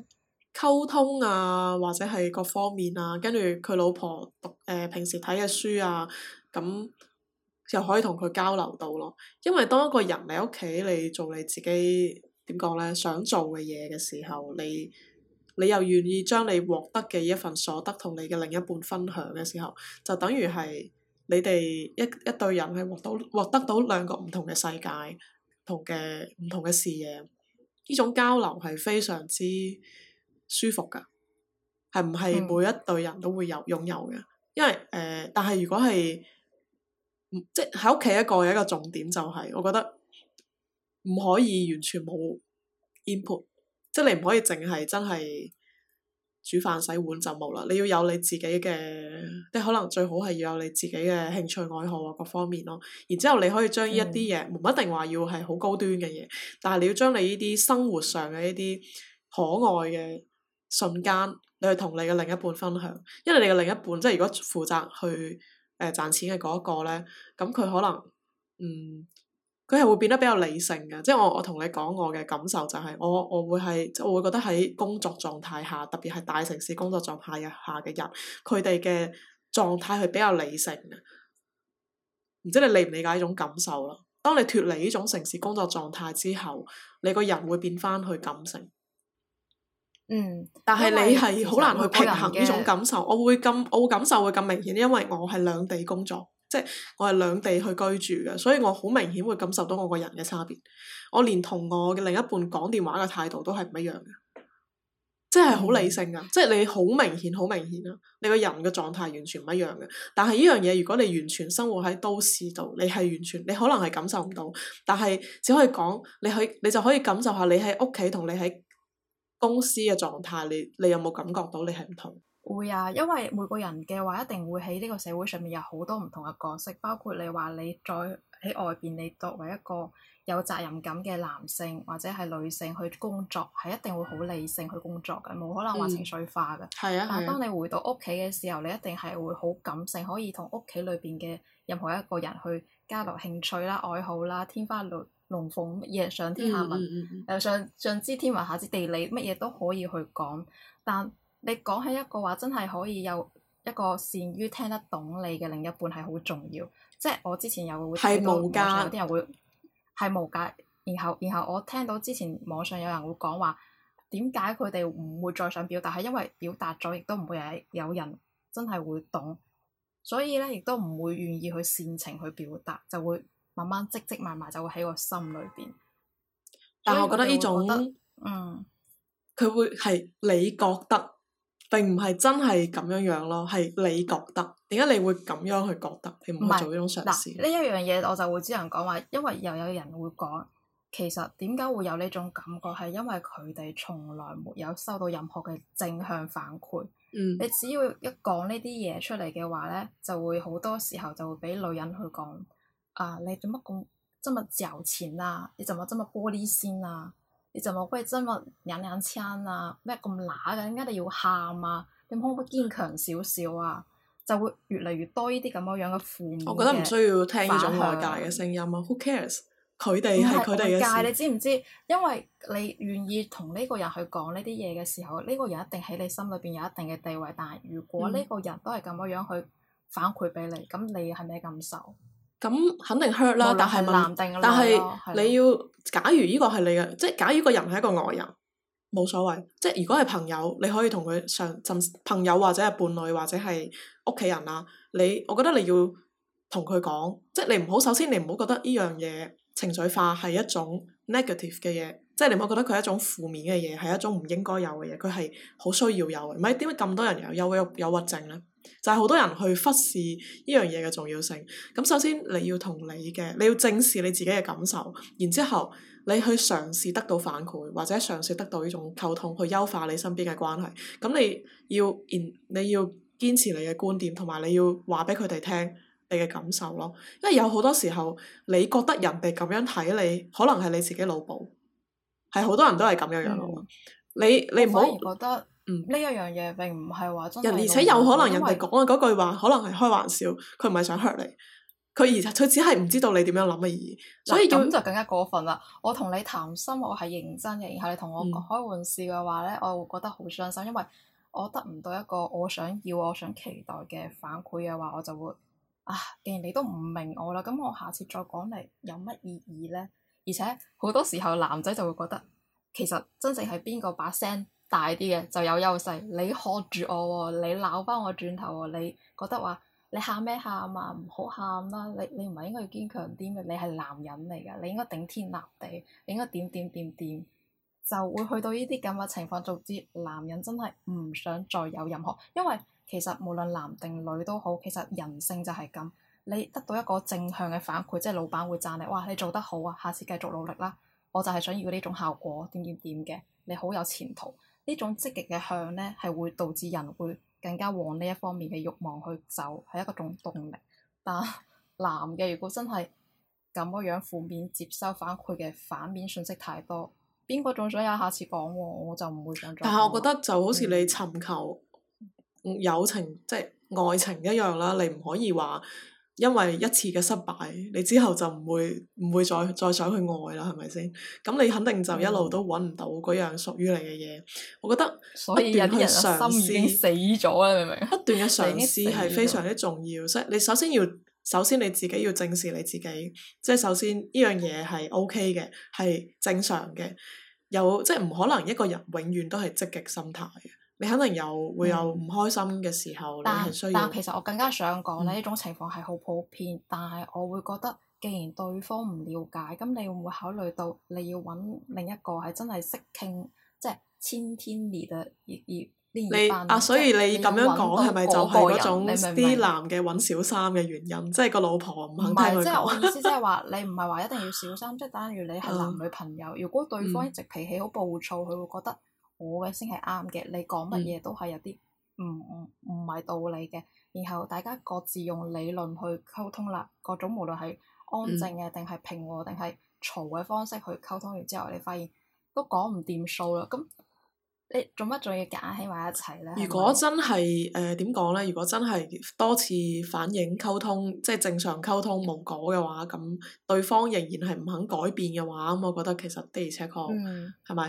溝通啊，或者係各方面啊，跟住佢老婆讀誒、呃、平時睇嘅書啊，咁就可以同佢交流到咯。因為當一個人嚟屋企你做你自己點講咧，想做嘅嘢嘅時候，你你又願意將你獲得嘅一份所得同你嘅另一半分享嘅時候，就等於係你哋一一對人係獲到獲得到兩個唔同嘅世界，同嘅唔同嘅視野。呢種交流係非常之舒服噶，係唔係每一對人都會有擁有嘅？因為誒、呃，但係如果係即係喺屋企一個有一個重點就係、是，我覺得唔可以完全冇 input，即係你唔可以淨係真係。煮飯洗碗就冇啦，你要有你自己嘅，即係、嗯、可能最好係要有你自己嘅興趣愛好啊，各方面咯。然之後你可以將一啲嘢，嗯、唔一定話要係好高端嘅嘢，但係你要將你呢啲生活上嘅呢啲可愛嘅瞬間，你去同你嘅另一半分享，因為你嘅另一半即係如果負責去誒賺錢嘅嗰一個咧，咁佢可能嗯。佢係會變得比較理性嘅，即係我我同你講我嘅感受就係，我我會係我會覺得喺工作狀態下，特別係大城市工作狀態下嘅人，佢哋嘅狀態係比較理性嘅。唔知你理唔理解呢種感受啦？當你脱離呢種城市工作狀態之後，你個人會變翻去感性。嗯，但係你係好難去平衡呢種感受。我會咁，我會感受會咁明顯，因為我係兩地工作。即係我係兩地去居住嘅，所以我好明顯會感受到我個人嘅差別。我連同我嘅另一半講電話嘅態度都係唔一樣嘅，即係好理性啊！即係你好明顯，好明顯啊！你個人嘅狀態完全唔一樣嘅。但係呢樣嘢，如果你完全生活喺都市度，你係完全你可能係感受唔到，但係只可以講，你可以你就可以感受下你喺屋企同你喺公司嘅狀態，你你有冇感覺到你係唔同？會啊，因為每個人嘅話，一定會喺呢個社會上面有好多唔同嘅角色，包括你話你再喺外邊，你作為一個有責任感嘅男性或者係女性去工作，係一定會好理性去工作嘅，冇可能話情緒化嘅。係、嗯、啊。啊但係當你回到屋企嘅時候，你一定係會好感性，可以同屋企裏邊嘅任何一個人去交流、嗯、興趣啦、愛好啦、天花龍龍鳳乜嘢上天下文，又、嗯嗯、上上知天文下知地理，乜嘢都可以去講，但。你講起一個話，真係可以有一個善於聽得懂你嘅另一半係好重要。即係我之前有會聽到網上有啲人會係無解，無解，然後然後我聽到之前網上有人會講話，點解佢哋唔會再想表達？係因為表達咗，亦都唔會有人真係會懂。所以咧，亦都唔會願意去煽情去表達，就會慢慢積積埋埋，就會喺個心裏邊。但係我覺得呢種得，嗯，佢會係你覺得。並唔係真係咁樣樣咯，係你覺得點解你會咁樣去覺得？你唔做呢種嘗試。呢一樣嘢我就會只能講話，因為又有人會講，其實點解會有呢種感覺，係因為佢哋從來沒有收到任何嘅正向反饋。嗯。你只要一講呢啲嘢出嚟嘅話咧，就會好多時候就會俾女人去講，啊，你做乜咁，做乜嚼錢啊，你做乜做乜玻璃心啊？你就冇可以真喎，眼眼青啊，咩咁乸嘅，點解你要喊啊？你可唔可以堅強少少啊？就會越嚟越多呢啲咁樣樣嘅負面。我覺得唔需要聽呢種外界嘅聲音啊 ，Who cares？佢哋係佢哋嘅事。外界，你知唔知？因為你願意同呢個人去講呢啲嘢嘅時候，呢、呢個人一定喺你心裏邊有一定嘅地位。但係如果呢個人都係咁樣樣去反饋俾你，咁你係咩感受？咁肯定 hurt 啦。定但係問，但係你要，的假如呢個係你嘅，即係假如個人係一個外人，冇所謂。即係如果係朋友，你可以同佢上，甚至朋友或者係伴侶或者係屋企人啦、啊。你我覺得你要同佢講，即係你唔好首先你唔好覺得呢樣嘢情緒化係一種 negative 嘅嘢，即係你唔好覺得佢係一種負面嘅嘢，係一種唔應該有嘅嘢。佢係好需要有嘅，唔係點解咁多人有憂鬱憂鬱症咧？就係好多人去忽視呢樣嘢嘅重要性。咁首先你要同你嘅，你要正視你自己嘅感受，然之後你去嘗試得到反饋，或者嘗試得到呢種溝通，去優化你身邊嘅關係。咁你要然你要堅持你嘅觀點，同埋你要話俾佢哋聽你嘅感受咯。因為有好多時候你覺得人哋咁樣睇你，可能係你自己腦補，係好多人都係咁樣樣咯、嗯。你你唔好。反而覺得。嗯，呢一樣嘢並唔係話真係，而且有可能人哋講嘅嗰句話為可能係開玩笑，佢唔係想 hurt 你，佢而佢只係唔知道你點樣諗嘅意嘢。意義，所以咁就更加過分啦！我同你談心，我係認真嘅，然後你同我開玩笑嘅話咧，我會覺得好傷心，因為我得唔到一個我想要、我想期待嘅反饋嘅話，我就會啊，既然你都唔明我啦，咁我下次再講嚟有乜意義咧？而且好多時候男仔就會覺得，其實真正係邊個把聲？大啲嘅就有優勢。你喝住我喎、哦，你鬧翻我轉頭喎、哦，你覺得話你喊咩喊啊？唔好喊啦！你你唔係應該要堅強啲咩？你係男人嚟噶，你應該頂天立地，你應該點點點點，就會去到呢啲咁嘅情況。總之男人真係唔想再有任何，因為其實無論男定女都好，其實人性就係咁。你得到一個正向嘅反饋，即係老闆會讚你，哇！你做得好啊，下次繼續努力啦。我就係想要呢種效果，點點點嘅，你好有前途。呢種積極嘅向呢，係會導致人會更加往呢一方面嘅慾望去走，係一個種動力。但男嘅如果真係咁個樣負面接收反饋嘅反面信息太多，邊個仲想有下次講喎？我就唔會想做。但係我覺得就好似你尋求友情、嗯、即係愛情一樣啦，你唔可以話。因為一次嘅失敗，你之後就唔會唔會再再想去愛啦，係咪先？咁你肯定就一路都揾唔到嗰樣屬於你嘅嘢。我覺得以不斷去嘗試，死咗啦，明唔明？不斷嘅嘗試係非常之重要，所以你，你首先要首先你自己要正視你自己，即係首先呢樣嘢係 OK 嘅，係、OK、正常嘅，有即係唔可能一個人永遠都係積極心態。你可能有會有唔開心嘅時候，但係需要。但其實我更加想講咧，呢種情況係好普遍，但係我會覺得，既然對方唔了解，咁你會唔會考慮到你要揾另一個係真係識傾，即係千天裂嘅裂裂裂裂你啊，所以你咁樣講係咪就係嗰種啲男嘅揾小三嘅原因？即係個老婆唔肯聽佢講。唔係，即係我意思即係話你唔係話一定要小三，即係等於你係男女朋友。如果對方一直脾氣好暴躁，佢會覺得。我嘅先係啱嘅。你講乜嘢都係有啲唔唔唔係道理嘅。然後大家各自用理論去溝通啦，各種無論係安靜嘅，定係平和，定係嘈嘅方式去溝通完之後，你發現都講唔掂數啦，咁。你做乜仲要夾起埋一齊咧？如果真係誒點講咧？如果真係多次反映溝通，即係正常溝通無果嘅話，咁對方仍然係唔肯改變嘅話，咁我覺得其實的而且確係咪？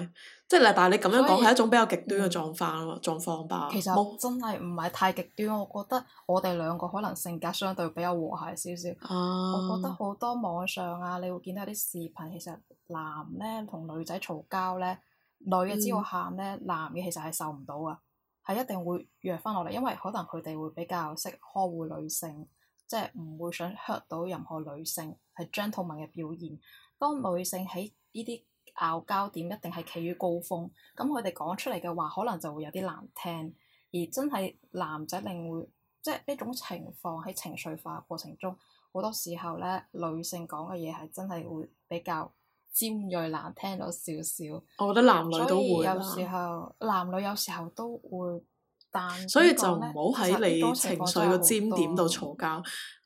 即係、嗯就是，但係你咁樣講係以一種比較極端嘅狀況咯，嗯、狀況吧。其實真係唔係太極端，我覺得我哋兩個可能性格相對比較和諧少少。嗯、我覺得好多網上啊，你會見到啲視頻，其實男咧同女仔嘈交咧。女嘅只要喊咧，男嘅其實係受唔到啊。係一定會弱翻落嚟，因為可能佢哋會比較識呵護女性，即係唔會想 hurt 到任何女性，係 gentleman 嘅表現。當女性喺呢啲拗交點，一定係企於高峰，咁佢哋講出嚟嘅話可能就會有啲難聽，而真係男仔另會即係呢種情況喺情緒化過程中，好多時候咧女性講嘅嘢係真係會比較。尖銳難聽到少少，我覺得男女都會啦。所以有時候男女有時候都會，但所以就唔好喺你情緒個尖點度嘈交。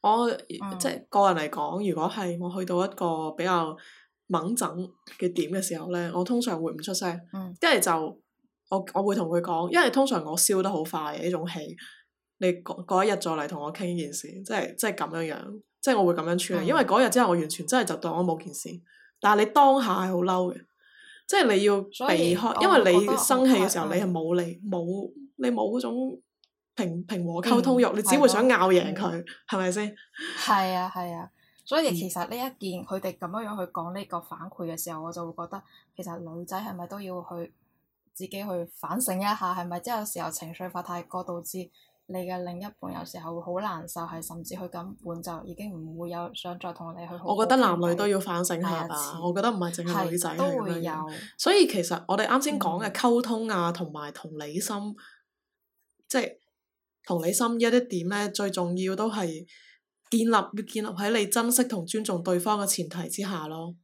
嗯、我即係個人嚟講，如果係我去到一個比較猛整嘅點嘅時候咧，我通常會唔出聲，跟住、嗯、就我我會同佢講，因為通常我燒得好快嘅呢種氣。你過一日再嚟同我傾件事，即係即係咁樣樣，即係我會咁樣處理，嗯、因為嗰日之後我完全真係就當我冇件事。但係你當下係好嬲嘅，即係你要避開，以因為你生氣嘅時候，你係冇理冇你冇嗰種平平和溝通欲，嗯、你只會想拗贏佢，係咪先？係、嗯、啊係啊，所以其實呢一件佢哋咁樣樣去講呢個反饋嘅時候，嗯、我就會覺得，其實女仔係咪都要去自己去反省一下，係咪即係有時候情緒化太過導致？你嘅另一半有時候會好難受，係甚至佢根本就已經唔會有想再同你去。我覺得男女都要反省下吧，啊、我覺得唔係淨係女仔都會有，所以其實我哋啱先講嘅溝通啊，同埋同理心，即係同理心一啲點咧，最重要都係建立要建立喺你珍惜同尊重對方嘅前提之下咯。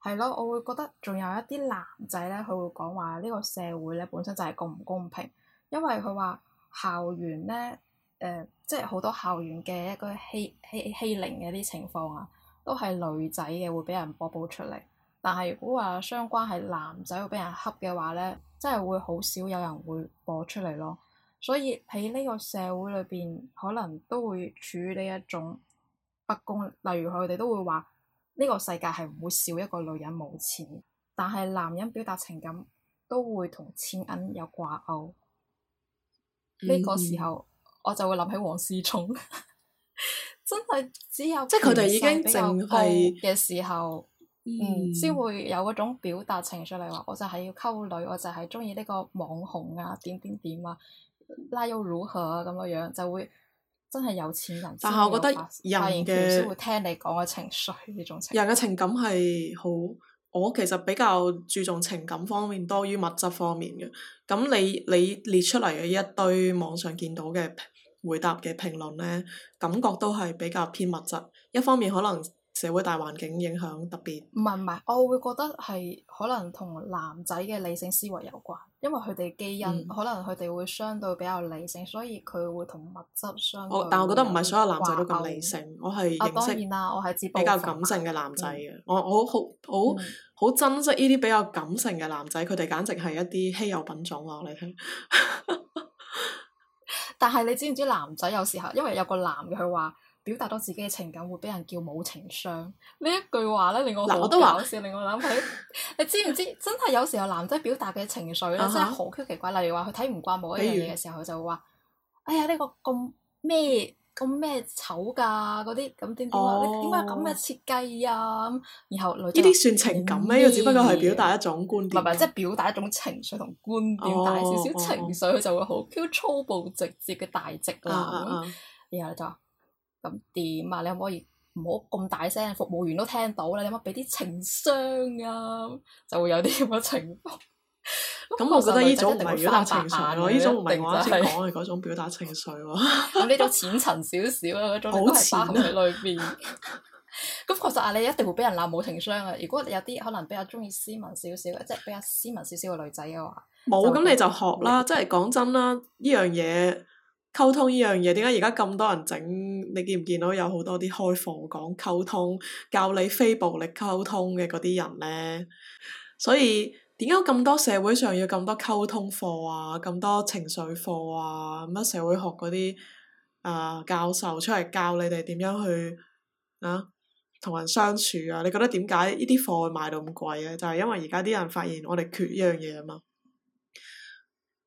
係咯，我會覺得仲有一啲男仔咧，佢會講話呢個社會咧本身就係咁唔公平，因為佢話。校園咧，誒、呃，即係好多校園嘅一個欺欺欺凌嘅啲情況啊，都係女仔嘅會畀人播報出嚟。但係如果話相關係男仔會畀人恰嘅話咧，真係會好少有人會播出嚟咯。所以喺呢個社會裏邊，可能都會處於呢一種不公。例如佢哋都會話呢、呢個世界係唔會少一個女人冇錢，但係男人表達情感都會同錢銀有掛鈎。呢、嗯、個時候我就會諗起王思聰， 真係只有即係佢哋已經淨係嘅時候，嗯，先、嗯、會有嗰種表達情緒嚟話，嗯、我就係要溝女，我就係中意呢個網紅啊，點點點啊，拉又如何啊咁嘅樣，樣，就會真係有錢人有。但係我覺得人嘅先會聽你講嘅情緒呢種情。人嘅情感係好，我其實比較注重情感方面多於物質方面嘅。咁你你列出嚟嘅一堆網上見到嘅回答嘅評論呢，感覺都係比較偏物質。一方面可能社會大環境影響特別。唔係唔係，我會覺得係可能同男仔嘅理性思維有關，因為佢哋基因、嗯、可能佢哋會相對比較理性，所以佢會同物質相對。我但係我覺得唔係所有男仔都咁理性，啊、我係認識、啊、比較感性嘅男仔嘅，嗯、我我好好。好好好嗯好珍惜呢啲比較感性嘅男仔，佢哋簡直係一啲稀有品種我嚟睇， 但係你知唔知男仔有時候，因為有個男嘅佢話表達到自己嘅情感，會俾人叫冇情商呢一句話咧令我好搞笑，令我諗起 說你知唔知？ 真係有時候男仔表達嘅情緒咧，uh huh. 真係好超奇怪。例如話佢睇唔慣某一樣嘢嘅時候，佢如就話：哎呀呢個咁咩？咁咩醜噶嗰啲，咁點點啊？哦、你點解咁嘅設計啊？咁然後呢啲算情感咩？佢只不過係表達一種觀點，即係表達一種情緒同觀點，大少少情緒，佢、哦、就會好 Q 粗暴直接嘅大直男。然後你就咁點啊？你可唔可以唔好咁大聲？服務員都聽到啦，你可唔可以俾啲情商啊？就會有啲咁嘅情況。 咁我覺得呢種唔係表達情緒喎，呢種唔係我先講嘅嗰種表達情緒喎。咁呢種淺層少少啊，嗰種就係喺裏邊。咁確實啊，你一定會俾人鬧冇情商啊！如果有啲可能比較中意斯文少少，即係比較斯文少少嘅女仔嘅話，冇咁你就學啦。即係講真啦，呢樣嘢溝通呢樣嘢，點解而家咁多人整？你見唔見到有好多啲開放講溝通，教你非暴力溝通嘅嗰啲人咧？所以。點解咁多社會上，要咁多溝通課啊？咁多情緒課啊？乜社會學嗰啲啊教授，出嚟教你哋點樣去啊同人相處啊？你覺得點解呢啲課會賣到咁貴啊？就係因為而家啲人發現我哋缺呢樣嘢啊嘛。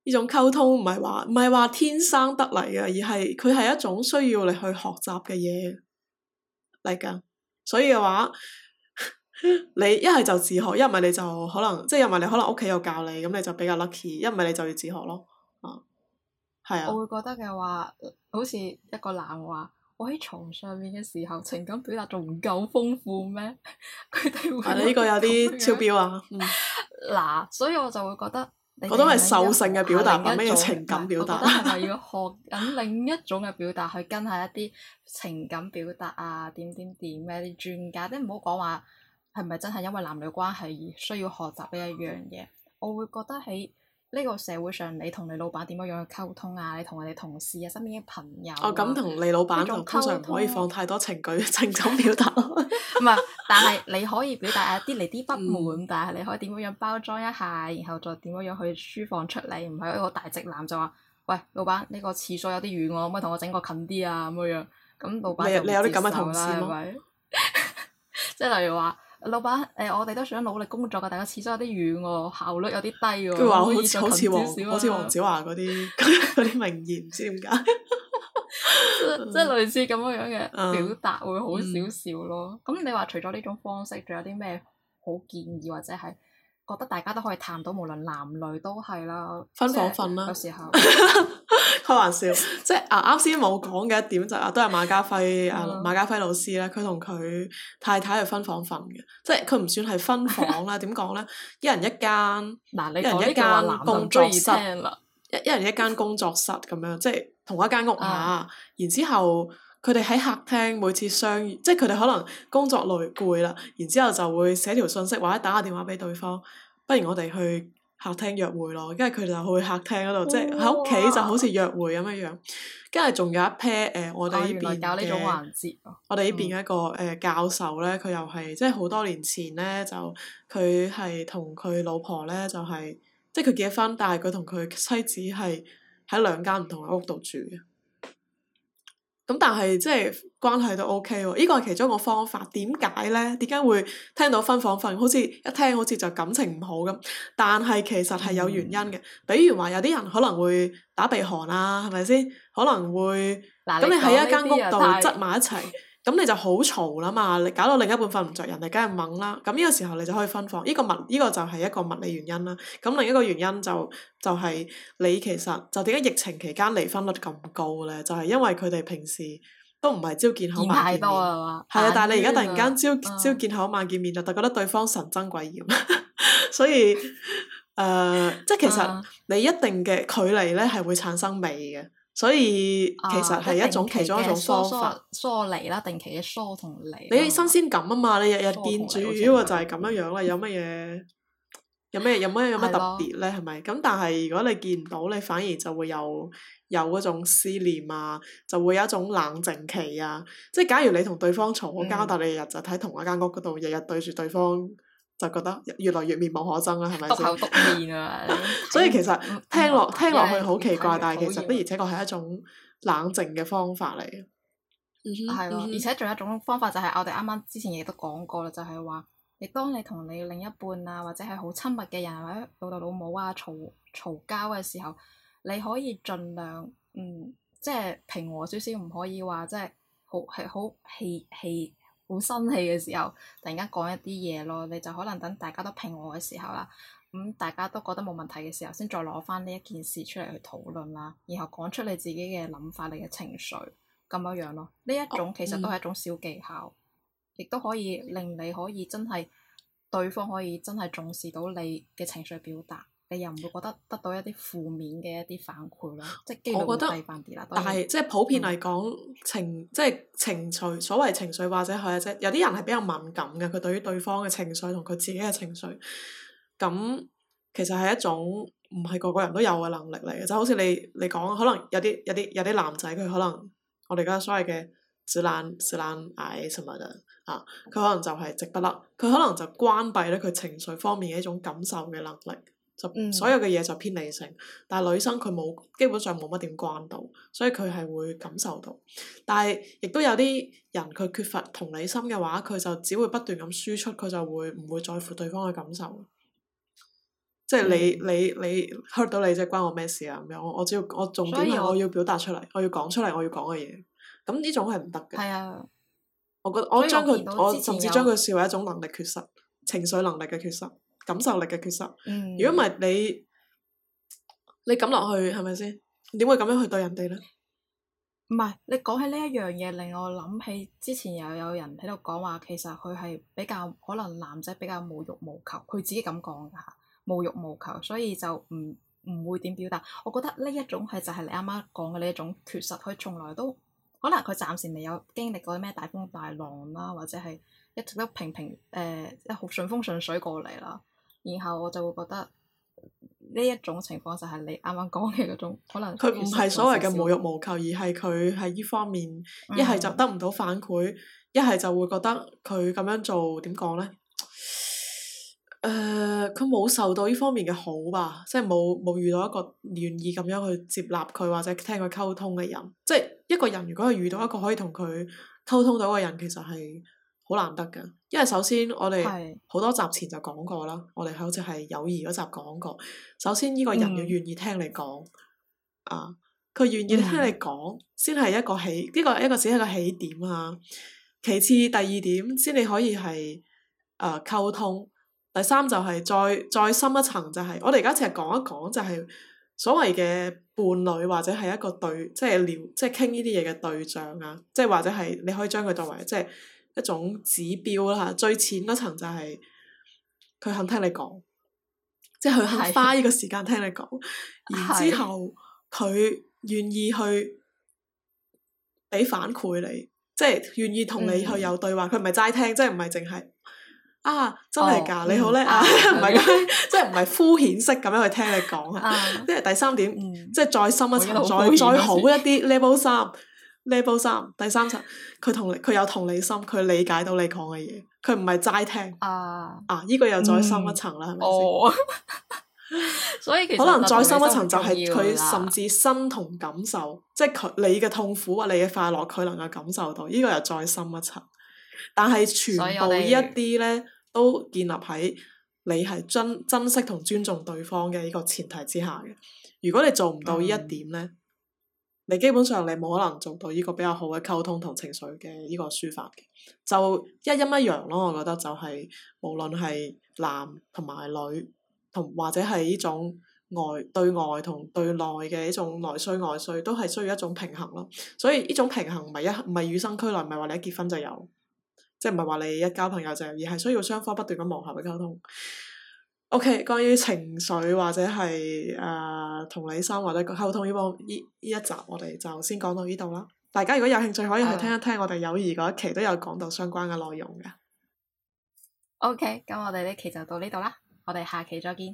呢種溝通唔係話唔係話天生得嚟嘅，而係佢係一種需要你去學習嘅嘢嚟噶。所以嘅話。你一係就自學，一唔係你就可能即係一唔係你可能屋企有教你，咁你就比較 lucky；一唔係你就要自學咯。啊，係啊。我會覺得嘅話，好似一個男話，我喺床上面嘅時候，情感表達仲唔夠豐富咩？佢哋會。啊！呢個有啲超標啊。嗱，所以我就會覺得。我都係獸性嘅表達，咩叫情感表達？我覺得係咪要學緊另一種嘅表達去跟下一啲情感表達啊？點點點咩？啲專家，即係唔好講話。係咪真係因為男女關係而需要學習呢一樣嘢？我會覺得喺呢個社會上，你同你老闆點樣樣去溝通啊？你同你同事啊，身邊嘅朋友哦、啊，咁同你老闆同通,通常唔可以放太多情緒、情感表達。唔係，但係你可以表達啊，啲嚟啲不滿，嗯、但係你可以點樣樣包裝一下，然後再點樣樣去抒放出嚟，唔係一個大直男就話，喂，老闆呢、這個廁所有啲遠我、啊，可唔可以同我整個近啲啊，咁樣樣。咁老闆你,你有啲咁嘅同事咪？即係例如話。老板，誒、呃、我哋都想努力工作嘅，但係個廁所有啲遠喎，效率有啲低喎、哦，佢話好似好似黃，好似黃子華嗰啲名言，唔知點解， 嗯、即係類似咁樣嘅表達會好少少咯。咁、嗯、你話除咗呢種方式，仲有啲咩好建議或者係？覺得大家都可以探到，無論男女都係啦。分房瞓啦，有時候開玩笑，即係啊啱先冇講嘅一點就啊，都係馬家輝啊馬家輝老師咧，佢同佢太太係分房瞓嘅，即係佢唔算係分房啦，點講咧？一人一間，嗱你一人一間工作室，一一人一間工作室咁樣，即係同一間屋下，然之後。佢哋喺客廳每次相遇，即係佢哋可能工作累攰啦，然之後就會寫條信息或者打個電話俾對方。不如我哋去客廳約會咯，跟住佢哋就去客廳嗰度，哦、即係喺屋企就好似約會咁樣樣。跟住仲有一 pair 誒、呃，我哋呢邊嘅，哦、種環節我哋呢邊一個誒、呃、教授呢，佢又係即係好多年前呢，就佢係同佢老婆呢，就係、是、即係佢結婚，但係佢同佢妻子係喺兩間唔同嘅屋度住嘅。咁、嗯、但係即係關係都 OK 喎，呢個係其中一個方法。點解呢？點解會聽到分房瞓？好似一聽好似就感情唔好咁。但係其實係有原因嘅，嗯、比如話有啲人可能會打鼻鼾啊，係咪先？可能會咁你喺一間屋度擠埋一齊。 咁你就好嘈啦嘛，你搞到另一半瞓唔着，人哋梗係掹啦。咁呢個時候你就可以分房，呢、這個物呢、這個就係一個物理原因啦。咁另一個原因就就係、是、你其實就點解疫情期間離婚率咁高呢？就係、是、因為佢哋平時都唔係朝見口晚見面，係啊。但係你而家突然間朝朝見口晚見面就，就覺得對方神憎鬼厭。 所以，誒、呃，即係其實你一定嘅距離呢係會產生美嘅。所以其實係一種其中一種方法，疏離啦，定期嘅疏同離。理你新鮮感啊嘛，你日日見，主要、哎、就係、是、咁樣樣啦。有乜嘢？有咩？有咩？有咩特別咧？係咪吧？咁但係如果你見唔到，你反而就會有有嗰種思念啊，就會有一種冷靜期啊。即係假如你同對方吵、嗯、交，但你日日就喺同一間屋度，日日對住對方。就覺得越來越面目可憎啦，係咪先？篤口篤面啊 所以其實聽落、嗯、聽落去好奇怪，嗯、但係其實的而且確係一種冷靜嘅方法嚟、嗯。嗯，係咯，而且仲有一種方法就係我哋啱啱之前亦都講過啦，就係、是、話，你當你同你另一半啊，或者係好親密嘅人或者老豆老母啊嘈嘈交嘅時候，你可以盡量嗯，即、就、係、是、平和少少，唔可以話即係好係好氣氣。氣好生氣嘅時候，突然間講一啲嘢咯，你就可能等大家都平和嘅時候啦，咁、嗯、大家都覺得冇問題嘅時候，先再攞返呢一件事出嚟去討論啦，然後講出你自己嘅諗法、你嘅情緒咁樣樣咯。呢一種其實都係一種小技巧，Okay. 亦都可以令你可以真係對方可以真係重視到你嘅情緒表達。你又唔會覺得得到一啲負面嘅一啲反饋咯？即係我覺得，但係即係普遍嚟講情，即係情緒，所謂情緒或者係即係，有啲人係比較敏感嘅。佢對於對方嘅情緒同佢自己嘅情緒，咁其實係一種唔係個個人都有嘅能力嚟嘅。就好似你你講，可能有啲有啲有啲男仔，佢可能我哋而家所謂嘅自懶自懶癌什麼嘅啊，佢可能就係直不甩，佢可能就關閉咧佢情緒方面嘅一種感受嘅能力。所有嘅嘢就偏理性，但係女生佢冇，基本上冇乜點慣到，所以佢係會感受到。但係亦都有啲人佢缺乏同理心嘅話，佢就只會不斷咁輸出，佢就會唔會在乎對方嘅感受。即係你、嗯、你你，你，hurt 到你即係關我咩事啊？咁樣我我只要我，我重點係我要表達出嚟，我要講出嚟，我要講嘅嘢。咁呢種係唔得嘅。係啊，我覺得我將佢以，我，以我甚至將佢視為一種能力缺失，嗯、情緒能力嘅缺失。感受力嘅缺失。如果唔係你，你咁落去係咪先？點會咁樣去對人哋咧？唔係你講起呢一樣嘢，令我諗起之前又有人喺度講話，其實佢係比較可能男仔比較無欲無求，佢自己咁講噶吓，無欲無求，所以就唔唔會點表達。我覺得呢一種係就係、是、你啱啱講嘅呢一種缺失，佢從來都可能佢暫時未有經歷過咩大風大浪啦，或者係一直都平平誒，一、呃、好順風順水過嚟啦。然後我就會覺得呢一種情況就係你啱啱講嘅嗰種可能佢唔係所謂嘅無欲無求，而係佢喺呢方面一係、嗯、就得唔到反饋，一係就會覺得佢咁樣做點講呢？誒、呃，佢冇受到呢方面嘅好吧，即係冇冇遇到一個願意咁樣去接納佢或者聽佢溝通嘅人。即係一個人如果係遇到一個可以同佢溝通到嘅人，其實係。好難得噶，因為首先我哋好多集前就講過啦，的我哋好似係友誼嗰集講過。首先呢個人要願意聽你講，嗯、啊，佢願意聽你講，先係、嗯、一個起，呢個一個只係一,一個起點啊。其次第二點，先你可以係誒溝通。第三就係再再深一層就係、是，我哋而家其實講一講就係所謂嘅伴侶或者係一個對，即、就、係、是、聊，即係傾呢啲嘢嘅對象啊，即、就、係、是、或者係你可以將佢作為即係。就是一種指標啦，最淺嗰層就係佢肯聽你講，即係佢肯花呢個時間聽你講，然之後佢願意去俾反饋你，即係願意同你去有對話。佢唔係齋聽，即係唔係淨係啊，真係噶，嗯、你好叻啊，唔係咁，即係唔係敷衍式咁樣去聽你講啊。即係第三點，嗯、即係再深一層，嗯、再、呃、再，再好一啲 level 三。Level 三第三層，佢同佢有同理心，佢理解到你講嘅嘢，佢唔係齋聽啊，呢、啊這個又再深一層啦，係咪先？所以可能再深一層就係佢甚至身同感、啊、感受，即係佢你嘅痛苦或你嘅快樂，佢能夠感受到呢、這個又再深一層。但係全部呢一啲呢，都建立喺你係珍珍惜同尊重對方嘅呢個前提之下嘅。如果你做唔到呢一點呢，嗯你基本上你冇可能做到呢個比較好嘅溝通同情緒嘅呢個抒發嘅，就一陰一陽咯。我覺得就係、是、無論係男同埋女，同或者係呢種外對外同對內嘅呢種內需外需，都係需要一種平衡咯。所以呢種平衡唔係一唔係與生俱來，唔係話你一結婚就有，即係唔係話你一交朋友就有，而係需要雙方不斷咁磨合嘅溝通。O.K.，關於情緒或者係誒、呃、同李生或者溝通呢方呢呢一集，我哋就先講到呢度啦。大家如果有興趣，可以去聽一聽我哋友誼嗰一期都有講到相關嘅內容嘅。O.K.，咁我哋呢期就到呢度啦，我哋下期再見。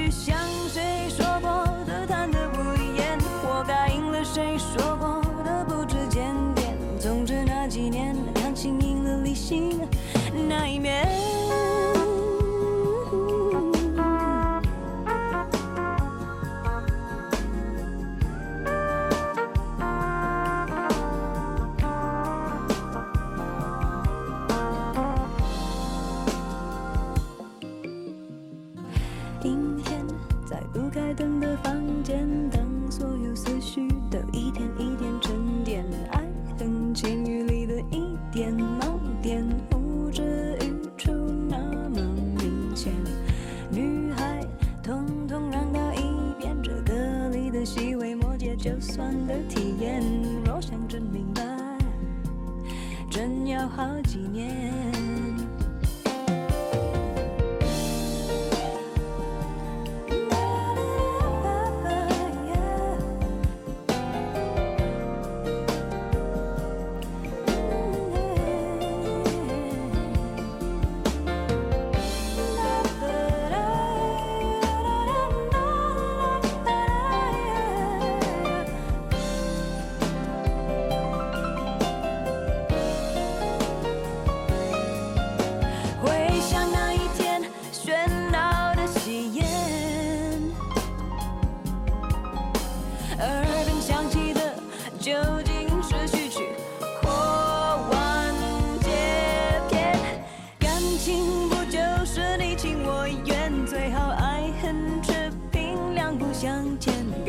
轉眼好幾年。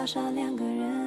傻傻兩個人。